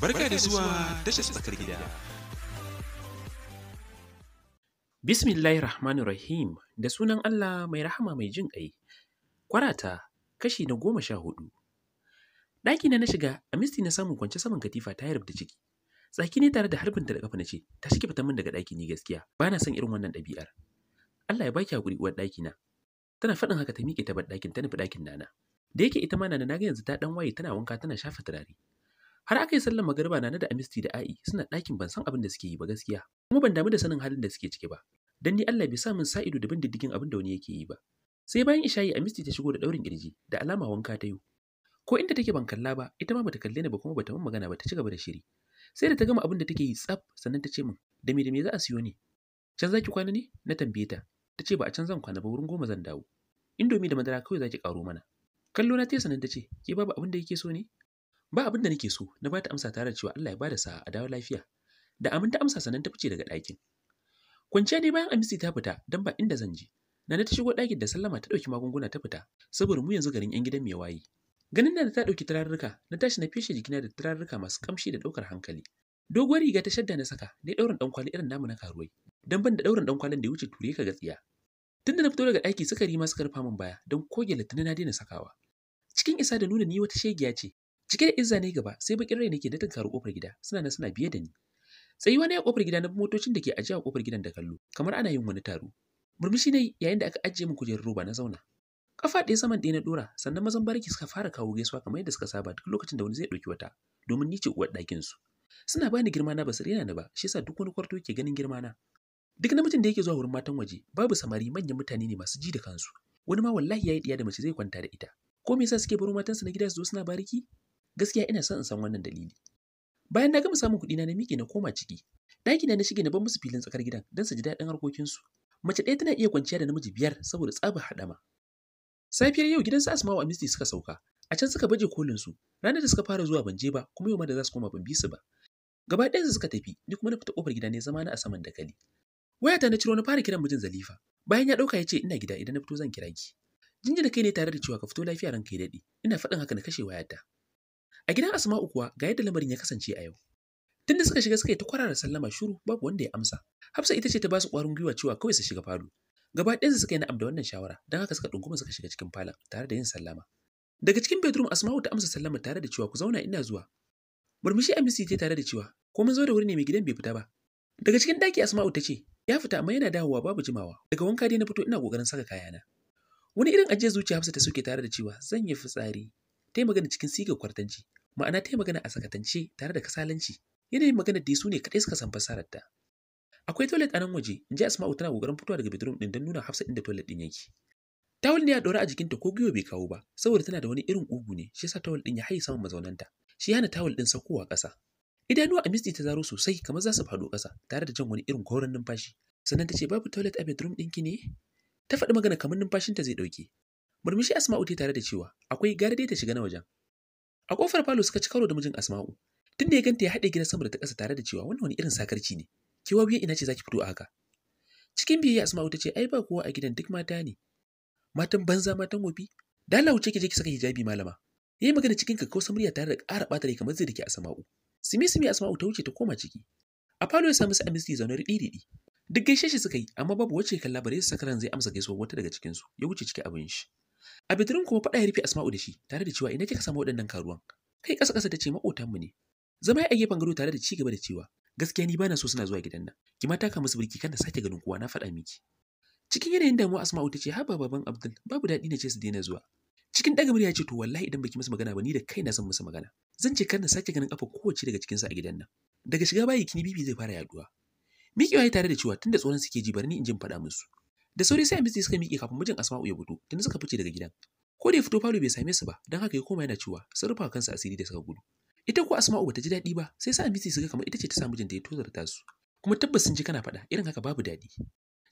Barka da zuwa tashar tsakar gida. Bismillahir da sunan Allah mai rahama mai jin ƙai. Kwarata kashi na goma sha hudu. Ɗaki na na shiga a misti na samun kwance saman katifa ta yarda ciki. Tsaki ne tare da harbinta da kafa na ce, ta shike fita min daga ɗaki ne gaskiya, ba na son irin wannan ɗabi'ar. Allah ya baki hakuri uwar ɗaki na. Tana faɗin haka ta miƙe ta bar ɗakin ta nufi ɗakin nana. Da yake ita ma nana na ga yanzu ta ɗan waye tana wanka tana shafa turare. har aka yi sallan magariba na da amisti da a'i suna ɗakin ban san abin da suke yi ba gaskiya kuma ban damu da sanin halin da suke ciki ba dan ni Allah bai sa min sa ido da bin diddigin abin da wani yake yi ba sai bayan ishayi amisti ta shigo da daurin kirji da alama wanka ta yi ko inda take ban kalla ba ita ma bata kalle ni ba kuma bata mun magana ba ta ci da shiri sai da ta gama abin da take yi tsaf sannan ta ce min da me da me za a siyo ni. can zaki kwana ne na tambaye ta ta ce ba a can zan kwana ba wurin goma zan dawo indomi da madara kawai zaki karo mana kallo na tesa nan ta ce ke babu abin da yake so ne ba abin da nake so na ba ta amsa tare da cewa Allah ya bada sa a dawo lafiya da amin ta amsa sanan ta fice daga ɗakin kwanciya ne bayan amisi ta fita don ba inda zan je nana ta shigo ɗakin da sallama ta ɗauki magunguna ta fita saboda mu yanzu garin yan gidan mai waye ganin da ta ɗauki turarruka na tashi na feshe jikina da turarruka masu kamshi da ɗaukar hankali doguwar riga ta shadda na saka ne ɗaurin ɗankwali irin namu na karuwai don ban da ɗaurin ɗankwalin da ya wuce ture ka gatsiya tun da na fito daga ɗaki suka rima suka rufa min baya don koge latinin na daina sakawa cikin isa da nuna ni wata shegiya ce Cike da izza ne gaba sai bakin rai nake da tunkar kofar gida suna nan suna biye da ni. Tsayuwa ne a kofar gida na motocin da ke ajiye a kofar gidan da kallo kamar ana yin wani taro. Murmushi ne yayin da aka ajiye min kujerar roba na zauna. Kafa ɗaya saman ɗaya na ɗora sannan mazan bariki suka fara kawo gaisuwa kamar yadda suka saba duk lokacin da wani zai ɗauki wata domin ni ce uwar ɗakin su. Suna bani girma na su rena ni ba shi yasa duk wani kwarto ke ganin girma na. Duk namijin da yake zuwa wurin matan waje babu samari manyan mutane ne masu ji da kansu. Wani ma wallahi yayi diya da mace zai kwanta da ita. Ko me yasa suke baro matansu na gida su zo suna bariki? Gaskiya ina son in san wannan dalili. Bayan na gama samun kuɗi na miƙe na koma ciki. daki na na shige na ban musu filin tsakar gidan don su ji daɗin harkokinsu. Mace ɗaya tana iya kwanciya da namiji biyar saboda tsabar haɗama. Safiyar yau gidansu Asma'u a suka sauka. A can suka baje kolin su. Ranar da suka fara zuwa ban je ba kuma yau ma da za su koma ban bi su ba. Gaba ɗayan su suka tafi ni kuma na fita ƙofar gida ne zama na a saman dakali. Wayata na ciro na fara kiran mijin Zalifa. Bayan ya ɗauka ya ce ina gida idan na fito zan kira ki. Jinjina kai ne tare da cewa ka fito lafiya ranka ya daɗe. Ina faɗin haka na kashe wayata. A gidan Asma'u kuwa ga yadda lamarin ya kasance a yau. Tunda suka shiga suka yi ta kwarara sallama shiru babu wanda ya amsa. Hafsa ita ce ta ba su ƙwarin gwiwa cewa kawai su shiga falo. Gaba ɗayansu suka yi na'am da wannan shawara, don haka suka ɗunguma suka shiga cikin falon tare da yin sallama. Daga cikin bedroom Asma'u ta amsa sallama tare da cewa ku zauna ina zuwa. Murmushi Amisi ita tare da cewa ko mun zo da wuri ne mai gidan bai fita ba. Daga cikin ɗaki Asma'u ta ce ya fita amma yana dawowa babu jimawa. Daga wanka dai na fito ina ƙoƙarin saka kayana. Wani irin ajiyar zuciya Hafsa ta soke tare da cewa zan yi fitsari. Ta yi magana cikin sigar kwartanci ma'ana ta yi magana a sakatance tare da kasalanci yanayin magana dai su ne kaɗai suka san fasarar ta akwai toilet a nan waje in ji asma'u tana kokarin fitowa daga bedroom din don nuna hafsa inda toilet din yake tawul ne ya dora a jikinta ko giyo bai kawo ba saboda tana da wani irin ugu ne shi yasa tawul din ya haye saman mazaunanta shi hana tawul din saukowa ƙasa idanuwa a misti ta zaro sosai kamar za su faɗo ƙasa tare da jan wani irin koren numfashi sannan ta ce babu toilet a bedroom ɗinki ne ta faɗi magana kamar numfashinta zai ɗauke murmushi asma'u tare da cewa akwai gara ta shiga na wajen A kofar falo suka ci karo da mijin Asma'u. Tun da ya ganta ya haɗe gidan sama da ta ƙasa tare da cewa wannan wani irin sakarci ne. ki wa ina ce za fito a haka? Cikin biyayya Asma'u ta ce ai ba kowa a gidan duk mata ne. Matan banza matan wofi. Allah wuce ki je ki saka hijabi malama. Yayi magana cikin kakkausar murya tare da ƙara bata rai kamar zai dake Asma'u. Simi simi Asma'u ta wuce ta koma ciki. A falo ya samu su Amisti zaune da riɗi Duk gaishe shi suka yi amma babu wacce kalla bare su sakaran zai amsa gaisuwar wata daga cikinsu ya wuce ciki abin shi. a bidirin kuma faɗa ya rufe asma'u da shi tare da cewa ina kika samu waɗannan karuwan kai ƙasa ƙasa ta ce maƙotanmu ne zama ya a gefen gado tare da ci gaba da cewa gaskiya ni bana so suna zuwa gidan nan ki ma taka musu birki kan da sake ganin kowa na faɗa miki cikin yanayin damuwa asma'u ta ce haba baban abdul babu daɗi na ce su daina zuwa cikin ɗaga murya ce to wallahi idan baki masa magana ba ni da kai na san masa magana zan ce kar na sake ganin kafa kowace daga cikinsa a gidan nan daga shiga bayi kini bibi zai fara yaduwa miƙewa ya tare da cewa tunda tsoron suke ji bari ni in jin faɗa musu da sauri sai Amisi suka miƙe kafin mijin Asma'u ya fito tunda suka fice daga gidan ko da ya fito falo bai same su ba don haka ya koma yana cewa sun rufa kansa asiri da suka gudu ita ko Asma'u bata ji daɗi ba sai sa Amisi suka kamar ita ce ta sa mijinta ya tozarta su kuma tabbas sun ji kana faɗa irin haka babu daɗi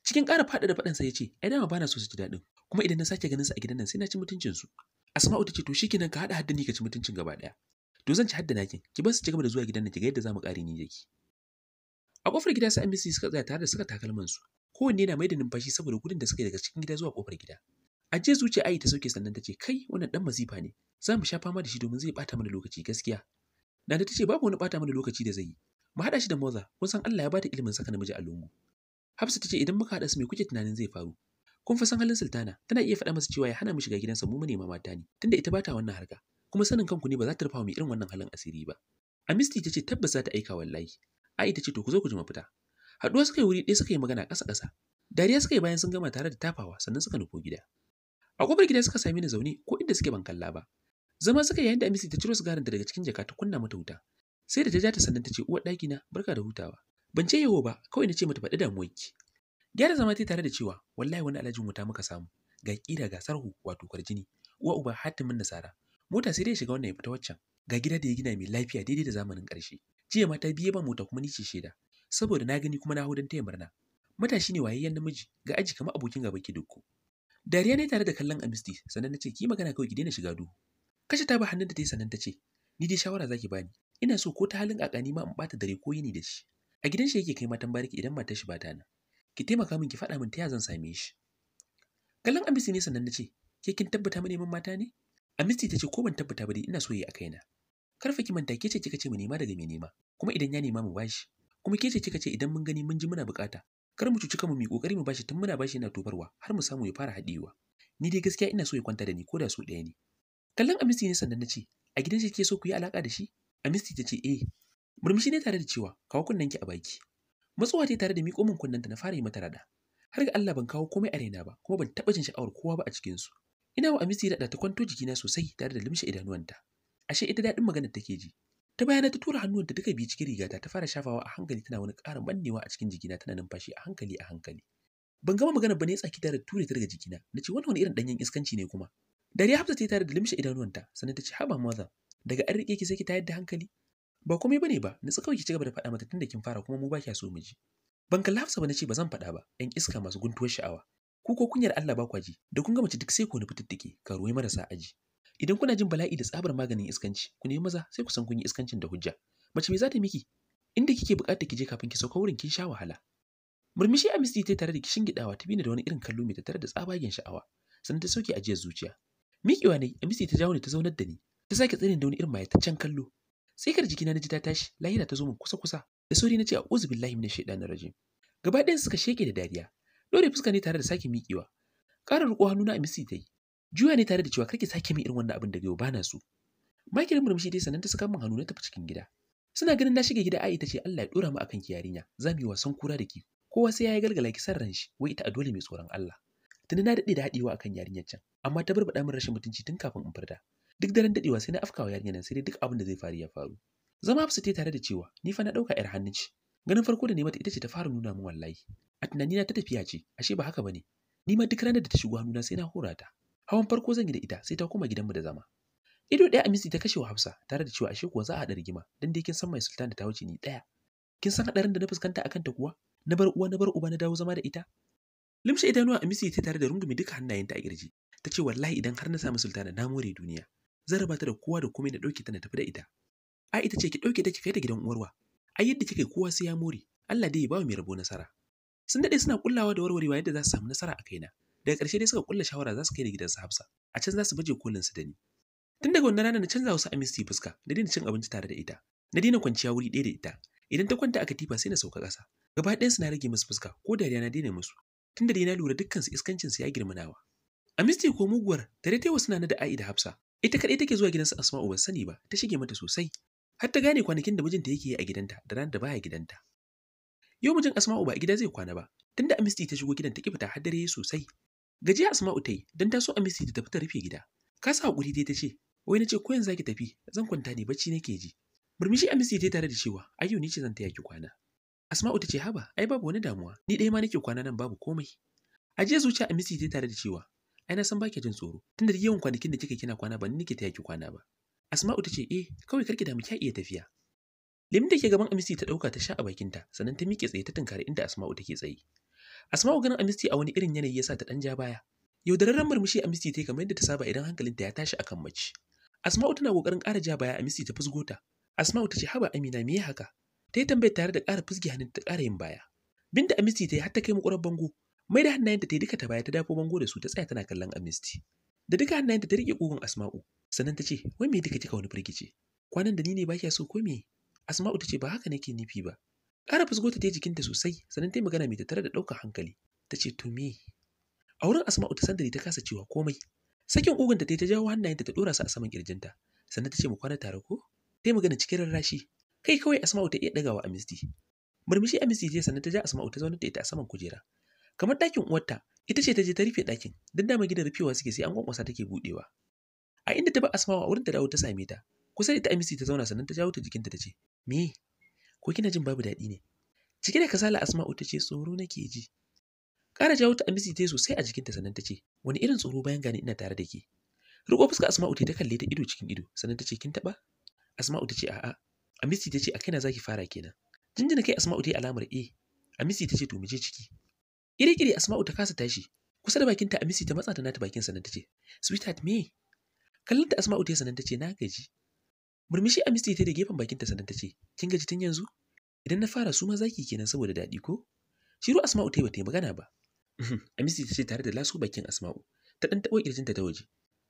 cikin ƙara faɗa da faɗansa ya ce ai dama bana so su ji daɗin kuma idan na sake ganin su a gidan nan sai na ci mutuncin su Asma'u ta ce to shikenan ka haɗa hadda ni ka ci mutuncin gaba ɗaya to zan ci hadda nakin ki bar su ci gaba da zuwa gidan nan ki ga yadda zamu ƙare ni yake a kofar gida sai suka tsaya tare da suka takalman su kowanne yana mai da numfashi saboda gudun da suka yi daga cikin gida zuwa kofar gida A jiya zuciya ayi ta sauke sannan ta ce kai wannan dan masifa ne za mu sha fama da shi domin zai bata mana lokaci gaskiya nana ta ce babu wani bata mana lokaci da zai yi mu haɗa shi da moza kun san Allah ya bata ilimin saka namiji a lungu Hafsa ta ce idan muka haɗa su me kuke tunanin zai faru kun fi san halin sultana tana iya faɗa masa cewa ya hana mu shiga gidansa mu manema mata ne tunda ita bata wannan harka kuma sanin kanku ne ba za ta rufa mu irin wannan halin asiri ba Amisti ta ce tabbas za ta aika wallahi Aisha ta ce to ku zo ku ji mafita Haɗuwa suka yi wuri ɗaya suka yi magana ƙasa-ƙasa. Dariya suka yi bayan sun gama tare da tafawa sannan suka nufo gida. A kofar gida suka sami ni zaune ko inda suke ban kalla ba. Zama suka yayin da Amisi ta ciro sigarin daga cikin jaka ta kunna mata wuta. Sai da ta ja ta sannan ta ce uwar ɗaki na barka da hutawa. Ban ce yawo ba kawai na ce mata faɗi damuwarki. Gyara zama ta tare da cewa wallahi wani alhaji ta muka samu. Ga ƙira ga sarhu wato kwarjini. Uwa uba hatimin nasara. Mota sai dai shiga wannan ya fita waccan. Ga gida da ya gina mai lafiya daidai da zamanin ƙarshe. Jiya ma ta biye ba mota kuma ni ce shaida. saboda na gani kuma na hudun don taya murna. Matashi ne wayayyen namiji ga aji kamar abokin gaba ki dukku. Dariya ne tare da kallon Amisti sannan na ce ki magana kawai ki daina shiga duhu. Kashe ta ba hannun da ta yi sannan ta ce ni dai shawara za ki bani ina so ko ta halin kakani ma in bata dare ko yini da shi. A gidan shi yake kai matan bariki idan matar shi ba ta na. Ki taimaka min ki faɗa min ta ya zan same shi. Kallon Amisti ne sannan na ce ke kin tabbata mu neman mata ne? Amisti ta ce ko ban tabbata ba dai ina so yi a kaina. Karfa ki manta ke ce kika ce mu nema daga mai nema kuma idan ya nema mu bashi kuma ke ce kika ce idan mun gani mun ji muna bukata kar mu cuci kanmu mu kokari mu bashi tun muna bashi yana tubarwa har mu samu ya fara haɗewa ni dai gaskiya ina so ya kwanta da ni ko da su ɗaya ne kallon amisti ne sannan na ce a gidan shi ke so ku yi alaka da shi amisti ta ce eh murmushi ne tare da cewa kawo kunnanki a baki matsuwa ta tare da miƙo min kunnanta na fara yi mata rada har ga Allah ban kawo komai a raina ba kuma ban taɓa jin sha'awar kowa ba a cikin su ina wa amisti rada ta kwanto jikina sosai tare da limshe idanuwanta ashe ita daɗin magana take ji ta bayana ta tura hannuwanta duka biyu cikin rigata ta fara shafawa a hankali tana wani ƙara mannewa a cikin jikina tana numfashi a hankali a hankali ban gama magana ba ne tsaki tare da ture ta daga jikina na ce wannan wani irin danyen iskanci ne kuma dare hafsa ta yi tare da limshe idanuwanta sannan ta ce haba maza daga an riƙe ki sai ki tayar da hankali ba komai bane ba na kawai ki cigaba da faɗa mata tun da kin fara kuma mu ba kya so mu ji ban kalla hafsa ba na ce ba zan faɗa ba yan iska masu guntuwar sha'awa ku ko kunyar Allah ba kwaji da kun gama ci duk sai ku nufi tittike ka ruwai marasa aji Idan kuna jin bala'i da tsabar maganin iskanci, ku nemi maza sai ku san kun yi iskancin da hujja. Mace me za ta miki? Inda kike bukata ki je kafin ki sauka wurin kin sha wahala. Murmushi a misti ta tare da kishin gidawa ta bina da wani irin kallo mai tattare da tsabagen sha'awa, sannan ta soke ajiyar zuciya. Miƙewa ne, a misti ta jawo ne ta zaunar da ni, ta sake tsinin da wani irin mayataccen kallo. Tsikar jikina na ji ta tashi, lahira ta zo min kusa-kusa, da sauri na ce a uzu billahi min shaidan rajim. Gaba ɗayan suka sheke da dariya, dore fuska ne tare da sake miƙewa. Ƙara riƙo hannuna a misti ta yi, Juya ne tare da cewa karki sake min irin wannan abin da yau bana so. Makirin murmushi dai sannan ta saka min hannu na tafi cikin gida. Suna ganin na shige gida ta ce Allah ya dora mu akan ki yarinya, za mu yi wasan kura da ki. Kowa sai yayi galgala ki ran shi, wai ita a dole mai tsoron Allah. Tuni na daɗe da hadewa akan yarinyar can, amma ta barbada min rashin mutunci tun kafin in furta. Duk daren dadewa sai na afkawa yarinyar nan sai dai duk abin da zai faru ya faru. Zama Hafsa ta tare da cewa ni fa na dauka yar hannun ci. Ganin farko da ne mata ita ce ta fara nuna min wallahi. A tunanina ta tafiya ce, ashe ba haka bane. Ni ma duk ranar da ta shigo hannuna sai na hora ta. hawan farko zan yi da ita sai ta koma gidanmu da zama ido ɗaya amisi ta kashe wa hafsa tare da cewa ashe kuwa za a haɗa rigima don dai kin san mai sultan da ta wuce ni ɗaya kin san haɗarin da na fuskanta a kanta kuwa na bar uwa na bar uba na dawo zama da ita limshe idanuwa misi ta tare da rungume duka hannayenta a kirji ta ce wallahi idan har na samu sultana na more duniya zan raba ta da kowa da komai da ɗauke ta na tafi da ita ai ita ce ki ɗauke ta ki kai da gidan uwarwa ai yadda kika kowa sai ya more Allah dai ya ba mu mai rabo nasara sun daɗe suna kullawa da warwarewa yadda za su samu nasara a kaina daga ƙarshe dai suka ƙulla shawara za su kai ni gidansa hafsa a can za su baje kolin su da ni tun daga wannan rana na canza wasu amisti fuska na daina cin abinci tare da ita na daina kwanciya wuri ɗaya da ita idan ta kwanta a katifa sai na sauka ƙasa gaba ɗayan su na rage musu fuska ko dariya na daina musu da dai na lura dukkansu iskancin ya girmanawa amisti ko muguwar dai ta suna na da a'i da hafsa ita kaɗai take zuwa su asma'u ban sani ba ta shige mata sosai har ta gane kwanakin da mijinta yake yi a gidanta da ranar da baya gidanta yau mijin asma'u ba a gida zai kwana ba tunda amisti ta shigo gidan ta kifa ta har dare sosai Gajiya Asma'u ta yi don ta so a misi ta tafi ta rufe gida. Ka sa hakuri dai ta ce, wai na ce ko yanzu zaki tafi zan kwanta ne bacci nake ji. Murmushi a misi ta tare da cewa ayyo ni ce zan taya ki kwana. Asma'u ta ce haba ai babu wani damuwa ni dai ma nake kwana nan babu komai. A jiya zuciya a misi dai tare da cewa ai na san baki jin tsoro tunda da yawan kwanakin da kika kina kwana ba ni nake taya ki kwana ba. Asma'u ta ce eh kawai karki damu kya iya tafiya. Limin da ke gaban Amisi ta ɗauka ta sha a bakinta sannan ta miƙe tsaye ta tunkari inda Asma'u take tsaye. Asma'u ganin Amisti a wani irin yanayi ya sa ta ɗan ja baya. Yaudararren murmushi Amisti ta yi kamar yadda ta saba idan hankalinta ya tashi akan mace. Asma'u tana kokarin ƙara ja baya Amisti ta fusgo ta. Asma'u ta ce haba Amina me ya haka? Ta yi tambayar tare da ƙara fusge hannun ta ƙara yin baya. Binta Amisti ta yi har ta kai makurar bango. Mai da hannayenta ta yi duka ta baya ta dafo bango da su ta tsaya tana kallon Amisti. Da duka hannayenta ta riƙe ƙugun Asma'u. Sannan ta ce wai me duka kika wani firgice? Kwanan da ni ne ba so ko me? Asma'u ta ce ba haka nake nufi ba. ƙara fusgo ta je jikinta sosai sannan ta yi magana mai tattare da ɗaukar hankali ta ce to me a wurin asma'u ta sandari ta kasa cewa komai sakin ugunta ta ta jawo hannayenta ta ɗora su a saman ƙirjinta, sannan ta ce mu kwana tare ko ta yi magana cikin rarrashi kai kawai asma'u ta iya ɗagawa a misti murmushi a ce sannan ta ja asma'u ta zauna da ita a saman kujera kamar ɗakin uwarta ita ce ta je ta rufe ɗakin don dama gidan rufewa suke sai an ta take buɗewa a inda ta ba asma'u a wurin ta dawo ta same ta kusa da ta amisi ta zauna sannan ta jawo ta jikinta ta ce me ko kina jin babu daɗi ne cike da kasala asma'u ta ce tsoro nake ji ƙara jawo ta amisi ta sosai a jikinta sannan ta ce wani irin tsoro bayan gane ina tare da ke riƙo fuska asma'u ta kalle ta ido cikin ido sannan ta ce kin taɓa asma'u ta ce a'a amisi ta ce a kaina zaki fara kenan jinjina kai asma'u ta yi alamar e amisi ta ce to mu je ciki Ƙiri ƙiri asma'u ta kasa tashi kusa da bakinta amisi ta matsa ta nata bakin sannan ta ce sweetheart me kallon ta asma'u ta sannan ta ce na gaji Murmushi a misti ta da gefen bakinta sannan ta ce, Kin gaji tun yanzu? Idan na fara su ma zaki kenan saboda daɗi ko? Shiru Asma'u ta yi bata yi magana ba. a ta ce tare da lasu bakin Asma'u, ta ɗan taɓo ƙirjinta ta waje.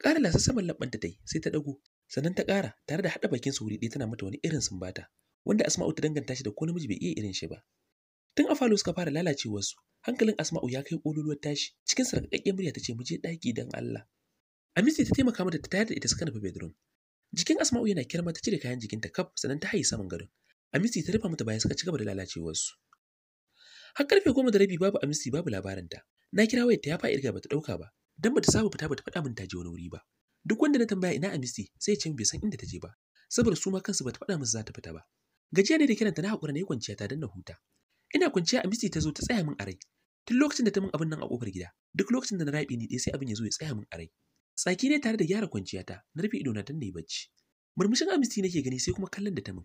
Ƙara lasa saman laɓɓanta ta yi sai ta ɗago, sannan ta ƙara tare da haɗa bakin su wuri ɗaya tana mata wani irin sumbata, wanda Asma'u ta danganta shi da ko namiji bai iya irin shi ba. Tun a falo suka fara lalacewarsu, hankalin Asma'u ya kai ƙololuwar tashi, cikin sarƙaƙƙen murya ta ce mu je ɗaki don Allah. Amisi ta taimaka mata ta tayar da ita suka nufi bedroom. Jikin Asma'u yana kirma ta cire kayan jikinta kaf sannan ta haye saman gadon. Amisi ta rufa mata bayan suka ci gaba da lalacewarsu. Har karfe goma da rabi babu Amisi babu labarinta. Na kira wayar ta ya fa'i ba bata dauka ba. Dan bata saba fita bata faɗa min ta je wani wuri ba. Duk wanda na tambaya ina Amisi sai ya ce bai san inda ta je ba. Saboda su ma kansu bata faɗa musu za ta fita ba. Gajiya ne da kiranta na haƙura na yi kwanciya ta danna huta. Ina kwanciya Amisi ta zo ta tsaya min a rai. Tun lokacin da ta min abin nan a kofar gida, duk lokacin da na raɓe ni ɗaya sai abin ya zo ya tsaya min a rai. Tsaki ne tare da gyara kwanciyata, na rufe idona don na yi bacci. Murmushin Amisti nake gani sai kuma kallon da ta min.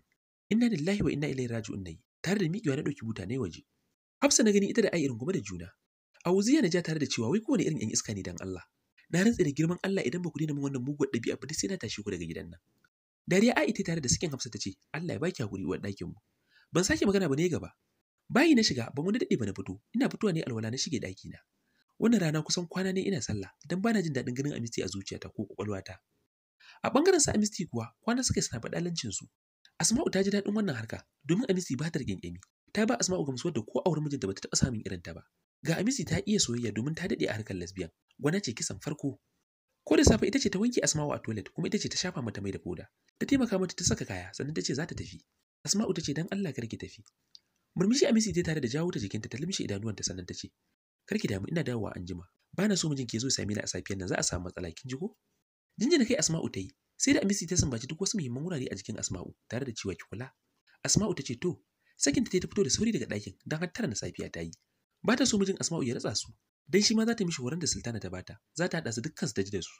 Inna lillahi wa inna ilaihi raji'un nayi, tare da miƙewa na ɗauki buta na waje. Hafsa na gani ita da Ai irin da juna. A wuziya na ja tare da cewa wai kowane irin 'yan iska ne dan Allah. Na rantse da girman Allah idan ba ku daina min wannan muguwar ɗabi'a ba sai na tashi ku daga gidan nan. Dariya Aita ita tare da sakin Hafsa ta ce, Allah ya baki hakuri uwar ɗakin mu. Ban sake magana ba ne gaba. Bayi na shiga, ban wani daɗe ba na fito, ina fitowa ne alwala na shige ɗakina. Wannan rana kusan kwana ne ina sallah don bana jin daɗin ganin Amisti a zuciyata ko ƙwaƙwalwata. A ɓangaren sa Amisti kuwa kwana suka suna faɗalancin su. Asma'u ta ji daɗin wannan harka domin Amisti ba ta da ƙyanƙyami. Ta ba Asma'u gamsuwar da ko auren mijinta ba ta taɓa samun irin ta ba. Ga Amisti ta iya soyayya domin ta daɗe a harkar lesbian. Gwana ce kisan farko. Ko da safe ita ce ta wanke Asma'u a toilet kuma ita ce ta shafa mata mai da foda. Ta taimaka mata ta saka kaya sannan ta ce za ta tafi. Asma'u ta ce don Allah kar ki tafi. Murmushi Amisi ta tare da jawo ta jikinta ta limshe idanuwanta sannan ta ce Kar ki damu ina dawowa anjima. Ba na so mijin ke zo same ni a safiyar nan za a samu matsala kin ji ko? da kai Asma'u ta yi. Sai da Amisi ta sambaci duk wasu muhimman wurare a jikin Asma'u tare da cewa ki kula. Asma'u ta ce to sakinta ta fito da sauri daga ɗakin don har na safiya ta yi. Ba ta so mijin Asma'u ya ratsa su dan shi ma za ta mishi horon da Sultana ta bata. Za ta haɗa su dukkan su ta ji da su.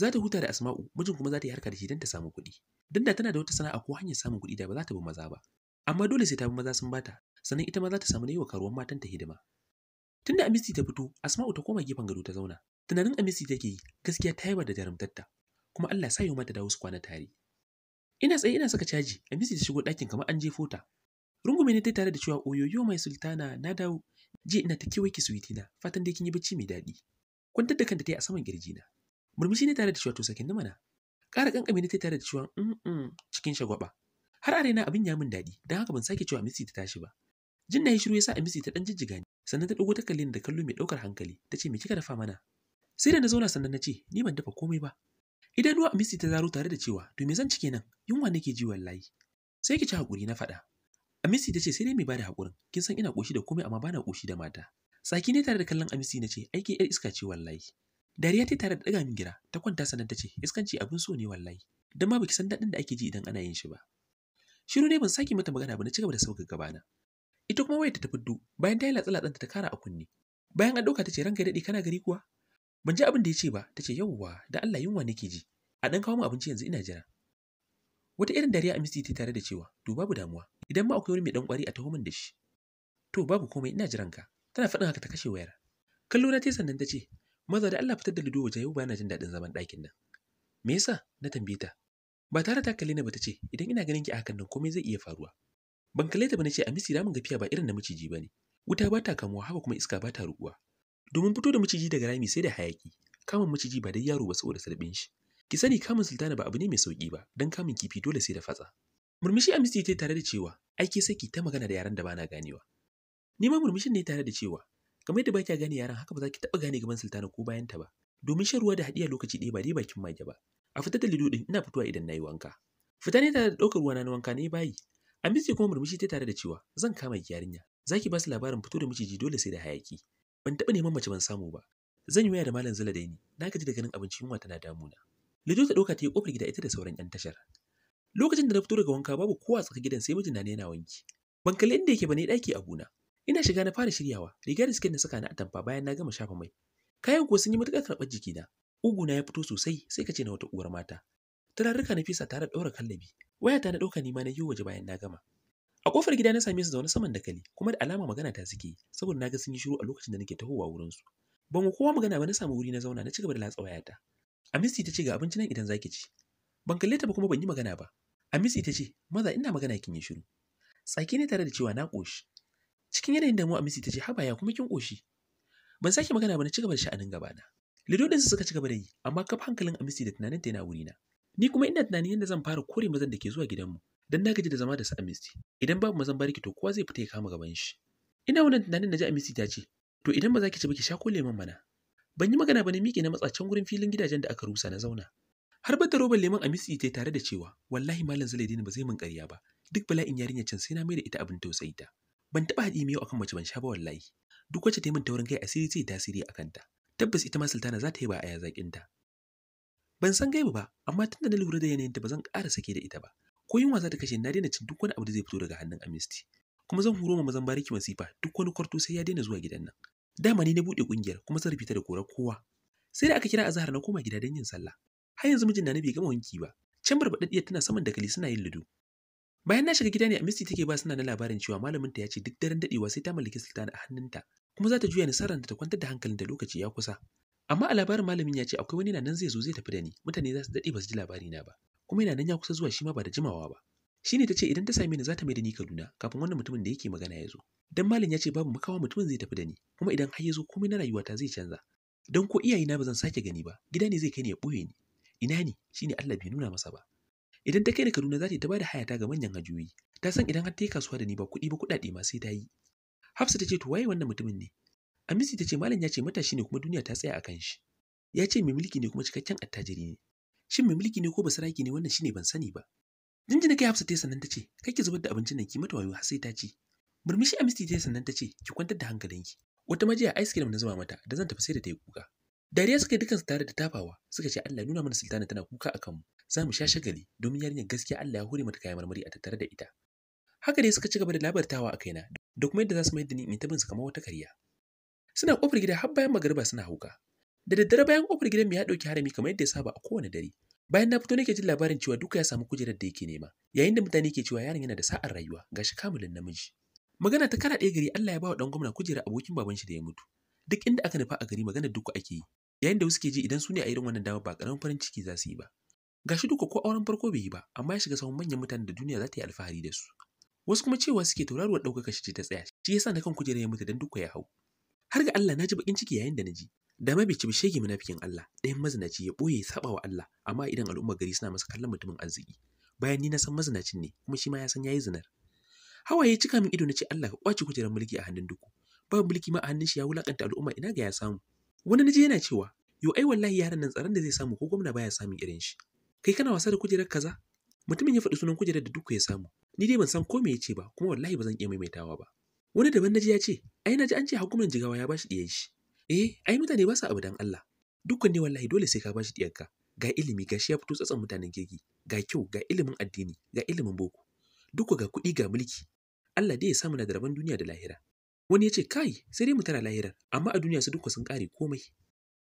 Za ta huta da Asma'u mijin kuma za ta yi harka da shi don ta samu kuɗi. Dan da tana da wata sana'a ko hanyar samun kuɗi da ba za ta bi maza ba. Amma dole sai ta bi maza sun bata sannan ita ma za ta samu na yi wa karuwan matan ta hidima. Tunda Amisi ta fito, Asma'u ta koma gefen gado ta zauna. Tunanin Amisi take yi, gaskiya ta yi da jarumtatta, kuma Allah sa yau mata dawo su kwana tare. Ina tsaye ina saka caji, Amisi ta shigo ɗakin kamar an jefo ta. Rungume ne ta tare da cewa oyoyo mai sultana na dawo, je ina ta kewaye suwiti na, fatan dai kin yi bacci mai daɗi. Kwantar da kanta ta yi a saman kirji na. Murmushi ne tare da cewa to sakin mana. Ƙara ƙanƙame ne ta tare da cewa mm cikin shagwaba. Har a raina abin ya min daɗi, don haka ban sake cewa Amisi ta tashi ba. Jin na yi shiru ya sa Amisi ta ɗan jijjiga ni, sannan ta ɗago takalmin da kallo mai ɗaukar hankali ta ce me kika dafa mana sai da na zauna sannan na ce ni ban dafa komai ba Idan ruwa misi ta zaro tare da cewa to me zan ci kenan yunwa nake ji wallahi sai ki ci hakuri na faɗa Amisi ta ce sai dai mai bada hakurin kin san ina koshi da komai amma bana koshi da mata Saki ne tare da kallon Amisi na ce aiki yar iska ce wallahi Dariya ta tare da daga min gira ta kwanta sannan ta ce iskanci abin so ne wallahi dan ma baki san dadin da ake ji idan ana yin shi ba Shiru ne ban saki mata magana ba na cigaba da sauka gabana ita kuma wayarta ta fiddo bayan ta yi latsa-latsanta ta kara a kunne bayan an ɗauka ta ce ranka daɗe kana gari kuwa ban ji abin da ya ce ba ta ce yawwa da Allah yunwa nake ji a ɗan kawo mu abinci yanzu ina jira wata irin dariya a misti ta tare da cewa to babu damuwa idan ma akwai wani mai dan kwari a taho min da shi to babu komai ina jiran ka tana faɗin haka ta kashe wayar kallo na tai sannan ta ce maza da Allah fitar da lido waje yau bana jin daɗin zaman ɗakin nan me yasa na tambaye ta ba tare ta kalle ni ba ta ce idan ina ganin ki a hakan nan komai zai iya faruwa Ban kalle ta ba nace a misi ramin gafiya ba irin na miciji bane. Wuta ba ta kamuwa haka kuma iska ba ta rukuwa. Domin fito da miciji daga rami sai da hayaki. Kamun miciji ba dai yaro ba saboda sarbin shi. Ki sani kamun sultana ba abu ne mai sauki ba, dan kamun kifi dole sai da fatsa. Murmushi misi ta tare da cewa, ai ke saki ta magana da yaran da bana ganewa. Ni ma murmushin ne tare da cewa, kamar yadda ba kya gane yaran haka ba za ki taɓa gane gaban sultana ko bayan ta ba. Domin shan ruwa da hadiya lokaci ɗaya ba dai bakin mage ba. A fita da lido din ina fitowa idan nayi wanka. Fita ne tare da ɗaukar ruwa na wanka ne bayi, Ambisi kuma murmushi ta tare da cewa zan kama yarinya. Zaki ba su labarin fito da miciji dole sai da hayaki. Ban taɓa neman mace ban samu ba. Zan yi waya da malam Zala daini. Na gaji da ganin abinci yunwa tana damuna. Lido ta ɗauka ta yi ƙofar gida ita da sauran 'yan tashar. Lokacin da na fito daga wanka babu kowa tsaka gidan sai mijina ne yana wanki. Ban kalli inda yake ba ne ɗaki a gona. Ina shiga na fara shiryawa, Rigar da suke na saka na atamfa bayan na gama shafa mai. Kayan kuwa sun yi matuƙar karɓar jikina. Uguna ya fito sosai sai ka ce na wata uwar mata. Turarruka na fisa tare da ɗaura kallabi, Wayata na ɗauka ma na yi waje bayan na gama. A ƙofar gida na same su zaune saman dakali kuma da alama magana ta suke yi saboda na ga sun yi shiru a lokacin da nake tahowa wurin su. Ba mu kowa magana ba na samu wuri na zauna na cigaba da latsa wayata. Amisi ta ce ga abinci nan idan zaki ci. Ban kalle ta ba kuma ban yi magana ba. Amisi ta ce maza ina magana kin yi shiru. Tsaki ne tare da cewa na ƙoshi. Cikin yanayin damuwa Amisi ta ce haba ya kuma kin ƙoshi. Ban sake magana ba na cigaba da sha'anin gabana. Lidodinsu suka cigaba da yi amma kafa hankalin Amisi da tunaninta yana wurina. Ni kuma ina tunanin yadda zan fara kore mazan da ke zuwa gidanmu, don na gaji da zama da su Amisti. Idan babu mazan bariki to kowa zai fita ya kama gaban shi. Ina wannan tunanin na ji Amisti ta ce, to idan ba za ki ci ba ki sha ko lemon mana. Ban yi magana ba na miƙe na matsa can gurin filin gidajen da aka rusa na zauna. Har ba ta roban lemon Amisti ta tare da cewa wallahi malam Zalaidini ba zai min karya ba. Duk bala'in yarinyar can sai na mai da ita abin tausayi ta. Ban taɓa haɗi miyau akan mace ban sha ba wallahi. Duk wacce ta yi min taurin kai asiri zai tasiri a kanta. Tabbas ita ma sultana za ta yi ba a yazaƙinta. ban san gaibu ba amma tunda na lura da yanayinta ba zan ƙara sake da ita ba ko yin wasa ta kashe na daina cin duk wani abu da zai fito daga hannun amnesty kuma zan horo ma mazan bariki masifa duk wani kwarto sai ya daina zuwa gidan nan dama ni na buɗe ƙungiyar kuma zan rufe ta da korar kowa sai da aka kira azahar na koma gida don yin sallah har yanzu mijin na bai gama wanki ba can barbaɗaɗɗiya tana saman dakali suna yin ludu bayan na shiga gida ne amnesty take ba suna na labarin cewa malaminta ya ce duk daren daɗewa sai ta mallaki sultana a hannunta kuma za ta juya nasarar ta kwantar da hankalinta lokaci ya kusa Amma a labarin malamin ya ce akwai wani na nan zai zo zai tafi da ni, mutane za su daɗe ba su ji labari na ba. Kuma yana nan ya kusa zuwa shi ma ba da jimawa ba. Shi ne ta ce idan ta same ni za ta mai da ni Kaduna kafin wannan mutumin da yake magana ya zo. Dan malam ya ce babu makawa mutumin zai tafi da ni, kuma idan har ya zo komai na rayuwata zai canza. Dan ko iyayena ba zan sake gani ba, gida ne zai kai ni ya ɓoye ni. Ina ne? Shi ne Allah bai nuna masa ba. Idan ta kai ni Kaduna za ta ta bada hayata ga manyan hajoyi. Ta san idan har ta yi kasuwa da ni ba kuɗi ba kuɗaɗe ma sai ta yi. Hafsa ta ce to waye wannan mutumin ne? Amisi ta ce malam ya ce matashi ne kuma duniya ta tsaya a kan shi. Ya ce mai mulki ne kuma cikakken attajiri ne. Shin mai mulki ne ko basaraki ne wannan shine ban sani ba. Jinjina kai Hafsa ta sannan ta ce kake zubar da abincin nan ki mata wayo har sai ta ci. Murmushi Amisi ta sannan ta ce ki kwantar da hankalinki. Wata majiya ice cream na zuba mata da zan tafi sai da ta yi kuka. Dariya suka dukan su tare da tafawa suka ce Allah nuna mana sultana tana kuka a kanmu. Za mu sha shagali domin yarinyar gaskiya Allah ya hore mata kayan marmari a tattare da ita. Haka dai suka ci gaba da labartawa a kaina da kuma yadda za su mayar da ni in bin su kamar wata karya. suna ƙofar gida har bayan magariba suna hauka da daddare bayan ƙofar gidan mu ya ɗauki harami kamar yadda ya saba a kowane dare bayan na fito nake jin labarin cewa duka ya samu kujerar da yake nema yayin da mutane ke cewa yaron yana da sa'ar rayuwa gashi kamulin namiji magana ta kara ɗaya gari Allah ya ba wa dan gwamna kujerar abokin baban shi da ya mutu duk inda aka nufa a gari maganar duka ake yi yayin da wasu ke ji idan su ne a irin wannan dama ba ƙaramin farin ciki za su yi ba gashi duka ko auren farko bai yi ba amma ya shiga sahun manyan mutanen da duniya za ta yi alfahari da su wasu kuma cewa suke tauraruwar ɗaukaka shi ta tsaya shi yasa na kan kujerar ya mutu dan duka ya hau har ga Allah na ji bakin ciki yayin da na ji da mabici bishege munafikin Allah ɗayan mazinaci ya boye saba wa Allah amma idan al'umma gari suna masa kallon mutumin arziki bayan ni na san mazinacin ne kuma shi ma ya san yayi zinar hawaye cika min ido na ce Allah ka kwace kujerar mulki a hannun duku ba mulki ma a hannun shi ya wulakanta al'umma ina ga ya samu wani naje yana cewa yo ai wallahi yaran nan tsaron da zai samu ko gwamna baya samun irin shi kai kana wasa da kujerar kaza mutumin ya faɗi sunan kujerar da duku ya samu ni dai ban san ko me ya ba kuma wallahi ba iya maimaitawa ba Wani daban na ji ya ce, ai na ji an ce hakumin jigawa ya bashi diyan shi. Eh, ai mutane ba su abu dan Allah. Dukkan ne wallahi dole sai ka bashi ɗiyarka. Ga ilimi ga shi ya fito tsatsan mutanen kirki, ga kyau ga ilimin addini, ga ilimin boko. Duk ga kuɗi ga mulki. Allah dai ya samu na da duniya da lahira. Wani ya ce kai sai dai mu tara lahirar, amma a duniya su duka sun kare komai.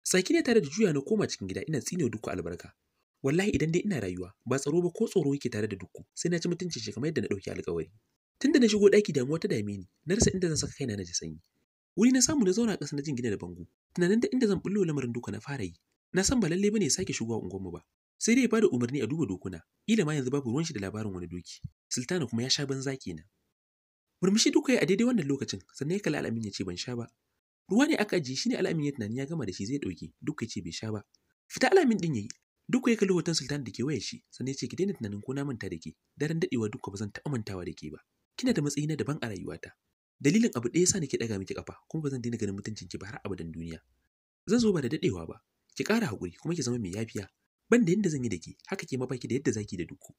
Saki ne tare da juya na koma cikin gida ina tsinewa duka albarka. Wallahi idan dai ina rayuwa ba tsaro ba ko tsoro yake tare da duku sai na ci mutuncin shi kamar yadda na ɗauki alƙawari. Tun da na shigo ɗaki damuwa ta dame ni, na rasa inda zan saka kaina na ji sanyi. Wuri na samu na zauna a ƙasa na jin gina da bango, tunanin da inda zan bullo lamarin duka na fara yi. Na san ba lalle bane sake shigowa unguwarmu ba. Sai dai ba da umarni a duba dokuna, kila ma yanzu babu ruwan shi da labarin wani doki. Sultana kuma ya sha zaki na Murmushi duka ya a daidai wannan lokacin, sannan ya kalli Al'amin ya ce ban sha ba. Ruwa ne aka ajiye shi ne Al'amin ya tunani ya gama da shi zai ɗauke, duka ya ce bai sha ba. Fita Al'amin ɗin ya yi, duka ya kalli hoton Sultan da ke wayar shi, sannan ya ce ki daina tunanin ko na manta da ke, daren daɗewa duka ba zan taɓa mantawa da ke ba. kina da matsayi na daban a rayuwata dalilin abu ɗaya yasa nake daga miki kafa kuma ba zan daina ganin mutuncin ki ba har abadan duniya zan zo ba da dadewa ba ki ƙara hakuri kuma ki zama mai yafiya ban da yadda zan yi da ke haka ke mafaki da yadda zaki da duku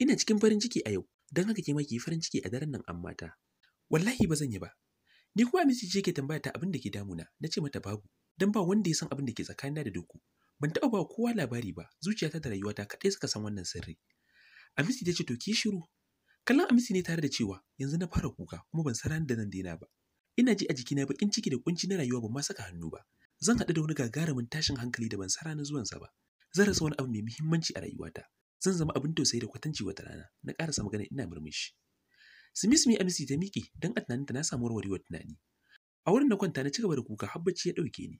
ina cikin farin ciki a yau don haka ke ma ki farin ciki a daren nan amma ta wallahi ba zan yi ba Ni kuma Aminci ce ke tambaya ta abin da ke damuna, na ce mata babu, dan ba wanda ya san abin da ke tsakanina da duku Ban taɓa ba kowa labari ba, zuciyata da rayuwata kaɗai suka san wannan sirri. ta ce to ki shiru, Kallon Amisi ne tare da cewa yanzu na fara kuka kuma ban san da zan daina ba. Ina ji a jikina bakin ciki da kunci na rayuwa ba ma saka hannu ba. Zan haɗu da wani gagarumin tashin hankali da ban san ranar zuwansa ba. Zan rasa wani abu mai muhimmanci a rayuwata. Zan zama abin tausayi da kwatanci wata rana. Na ƙarasa magana ina murmushi. Smith mai amsi ta miƙe don a tunaninta na samu warwarewar tunani. A wurin na kwanta na cigaba da kuka har ya ɗauke ni.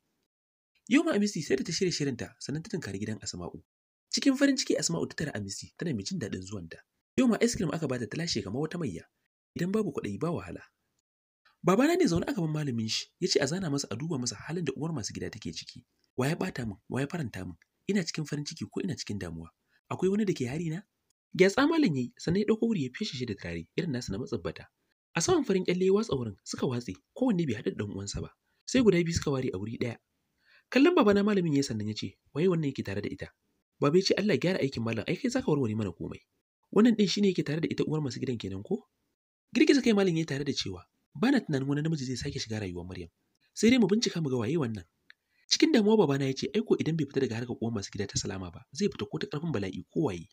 Yau ma Amisi sai da ta shirya shirinta sannan ta tunkari gidan Asma'u. Cikin farin ciki Asma'u ta tara Amisi tana mai jin daɗin zuwanta. Yau ma ice cream aka bata ta lashe kamar wata mayya. Idan babu kuɗi ba wahala. Babana ne zaune a malamin shi, ya ce a zana masa a duba masa halin da uwar masu gida take ciki. Wa ya ɓata min, wa ya faranta min, ina cikin farin ciki ko ina cikin damuwa. Akwai wani da ke hari na? Gyatsa malam yayi, sannan ya ɗauko wuri ya feshe shi da turare irin nasu na matsabbata. A saman farin kyalle ya watsa wurin, suka watse, kowanne bai haɗa ɗan uwansa ba. Sai guda biyu suka ware a wuri ɗaya. Kallon babana malamin ya sannan ya ce, waye wannan yake tare da ita? Baba ya ce Allah gyara aikin malam, ai kai zaka warware mana komai. wannan ɗin shine yake tare da ita uwar masu gidan kenan ko girgiza kai malam ya tare da cewa ba na tunanin wani namiji zai sake shiga rayuwar Maryam sai dai mu bincika mu ga waye wannan cikin damuwa babana ya ce aiko idan bai fita daga harkar uwar masu gida ta salama ba zai fita ko ta karfin bala'i ko waye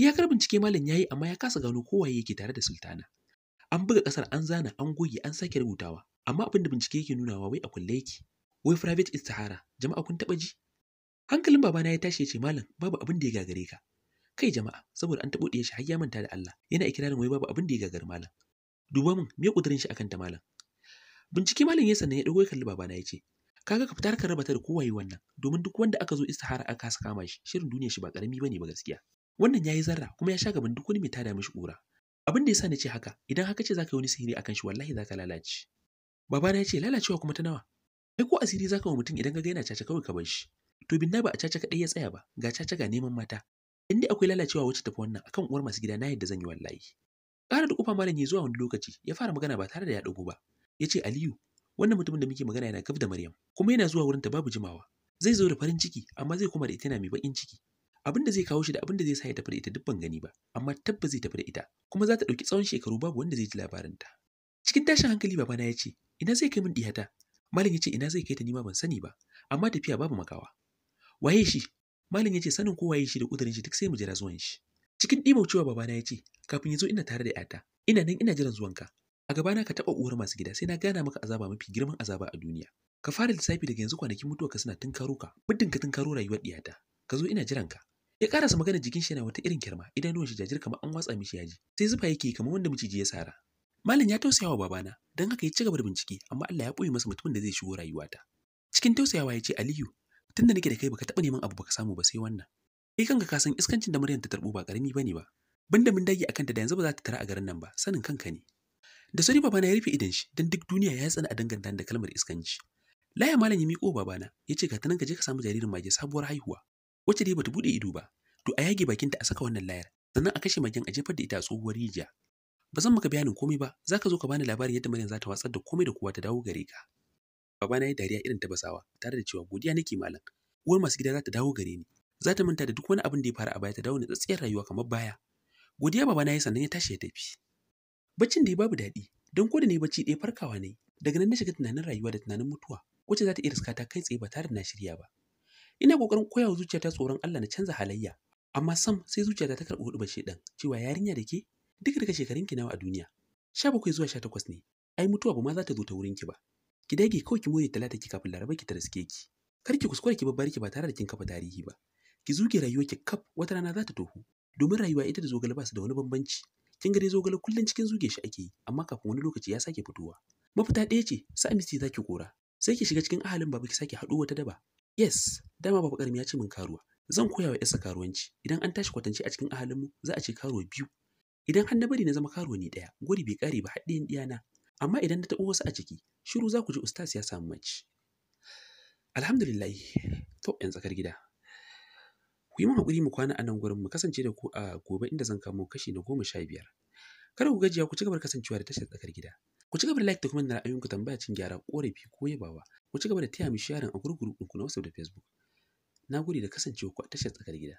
iyakar bincike malam yayi amma ya kasa gano ko waye yake tare da sultana an buga ƙasar an zana an goge an sake rubutawa amma abin da bincike yake nunawa wai a kulle yake wai private istihara jama'a kun taba ji hankalin babana ya tashi ya ce malam babu abin da ya gagare ka kai jama'a saboda an taɓo ɗiyar shi har ya manta da Allah yana ikirarin wai babu abin da ya gagar malam duba min, me kudirin shi akan ta malam bincike malam ya sannan ya dago ya kalli babana ya ce kaga ka fitar ka rabata ta da kowaye wannan domin duk wanda aka zo istihara aka kasa kama shi shirin duniya shi ba karami bane ba gaskiya wannan yayi zarra kuma ya sha gaban duk wani mai tada mishi kura abin da yasa ni ce haka idan haka ce zaka yi wani sihiri akan shi wallahi zaka lalace babana ya ce lalacewa kuma ta nawa ai ko asiri zaka wa mutum idan kaga yana caca kawai ka bar shi to binna ba a caca kadai ya tsaya ba ga caca ga neman mata in dai akwai lalacewa wacce tafi wannan akan uwar masu gida na yadda zan yi wallahi ƙara da kufa malam ya zuwa wani lokaci ya fara magana ba tare da ya ɗago ba ya ce aliyu wannan mutumin da muke magana yana gab da maryam kuma yana zuwa wurinta babu jimawa zai zo da farin ciki amma zai koma da ita yana mai baƙin ciki abin da zai kawo shi da abin da zai sa ya tafi da ita duk ban gani ba amma tabba zai tafi da ita kuma za ta ɗauki tsawon shekaru babu wanda zai ji labarinta cikin tashin hankali babana ya ce ina zai kai min diyata malam ya ce ina zai kai ta ma ban sani ba amma tafiya babu makawa waye shi Malam ya ce sanin kowa ya shi da ƙudurin shi duk sai mu jira zuwan shi. Cikin ɗimau cewa babana ya ce, kafin ya zo ina tare da ‘yata, ina nan ina jiran zuwanka. A gabana ka taɓa uwar masu gida sai na gana maka azaba mafi girman azaba a duniya. Ka fara lissafi daga yanzu kwanakin mutuwa ka suna tunkaro ka, muddin ka tunkaro rayuwar ɗiyata. Ka zo ina jiran ka. Ya karasa magana jikin shi yana wata irin kirma, idanuwan shi jajir kamar an watsa mishi yaji. Sai zufa yake kamar wanda miciji ya sara. Malam ya tausaya babana, don haka ya ci gaba da bincike, amma Allah ya ɓoye masa mutumin da zai shigo rayuwata. Cikin tausayawa ya ce Aliyu, tunda nake da kai baka taɓa neman abu baka samu ba sai wannan kai kanka ka san iskancin da Maryam ta tarbo ba karami bane ba banda mun dage akan ta da yanzu ba za ta tara a garin nan ba sanin kanka ne da sauri babana ya rufe idan shi dan duk duniya ya tsana a danganta da kalmar iskanci laya malam ya miƙo babana ya ce gata nan ka je ka samu jaririn mage sabuwar haihuwa wacce dai bata bude ido ba to a yage bakinta a saka wannan layar sannan a kashe magen a jefar da ita a tsohuwar rijiya ba zan maka bayanin komai ba zaka ka zo ka bani labarin yadda Maryam za ta watsar da komai da kowa ta dawo gare ka Babana ya dariya irin ta basawa tare da cewa godiya nake malam. Uwar masu gida za ta dawo gare ni. Za ta manta da duk wani abin da ya faru a baya ta dawo ni tsatsiyar rayuwa kamar baya. Godiya Baba babana ya sannan ya tashi ya tafi. Baccin da ya babu daɗi don ko da ne bacci ɗaya farkawa ne daga nan na shiga tunanin rayuwa da tunanin mutuwa wacce za ta iya ta kai tsaye ba tare da na shirya ba. Ina kokarin koya wa zuciyata tsoron Allah na canza halayya amma sam sai zuciyata ta karɓi hudu bace cewa yarinya da ke duka daga shekarunki nawa a duniya. Sha bakwai zuwa sha takwas ne ai mutuwa ba ma za ta zo ta wurin ki ba. Ki dage kawai ki more talata ki kafin laraba ki ta riske ki. Kar ki kuskure ki babbar ki ba tare da kin kafa tarihi ba. Ki zuge rayuwar ki kaf wata rana za ta tohu. Domin rayuwa ita da zogale ba su da wani bambanci. Kin ga zogale kullun cikin zuge shi ake amma kafin wani lokaci ya sake fitowa. Mafita ɗaya ce sa za ki kora. Sai ki shiga cikin ahalin baba ki sake haɗo wata daba. Yes, dama baba karmi ya ce min karuwa. Zan koya wa isa karuwanci. Idan an tashi kwatance a cikin ahalinmu za a ce karuwa biyu. Idan har na bari na zama karuwa ni ɗaya, gori bai ƙare ba haɗin ɗiyana amma idan ta taɓo wasu a ciki shiru za ku ji ustaz ya samu mace alhamdulillah to yan tsakar gida ku yi hakuri mu kwana a nan gurin mu kasance da ku a gobe inda zan kamo kashi na goma sha biyar kada ku gajiya ku ci gaba da kasancewa da tashar tsakar gida ku ci gaba da like da kuma ku tambaya cin gyara ƙorafi ko yabawa ku ci gaba da taya mu sharing a gurgurun ɗinku na wasu da facebook na gode da kasancewa ku a tashar tsakar gida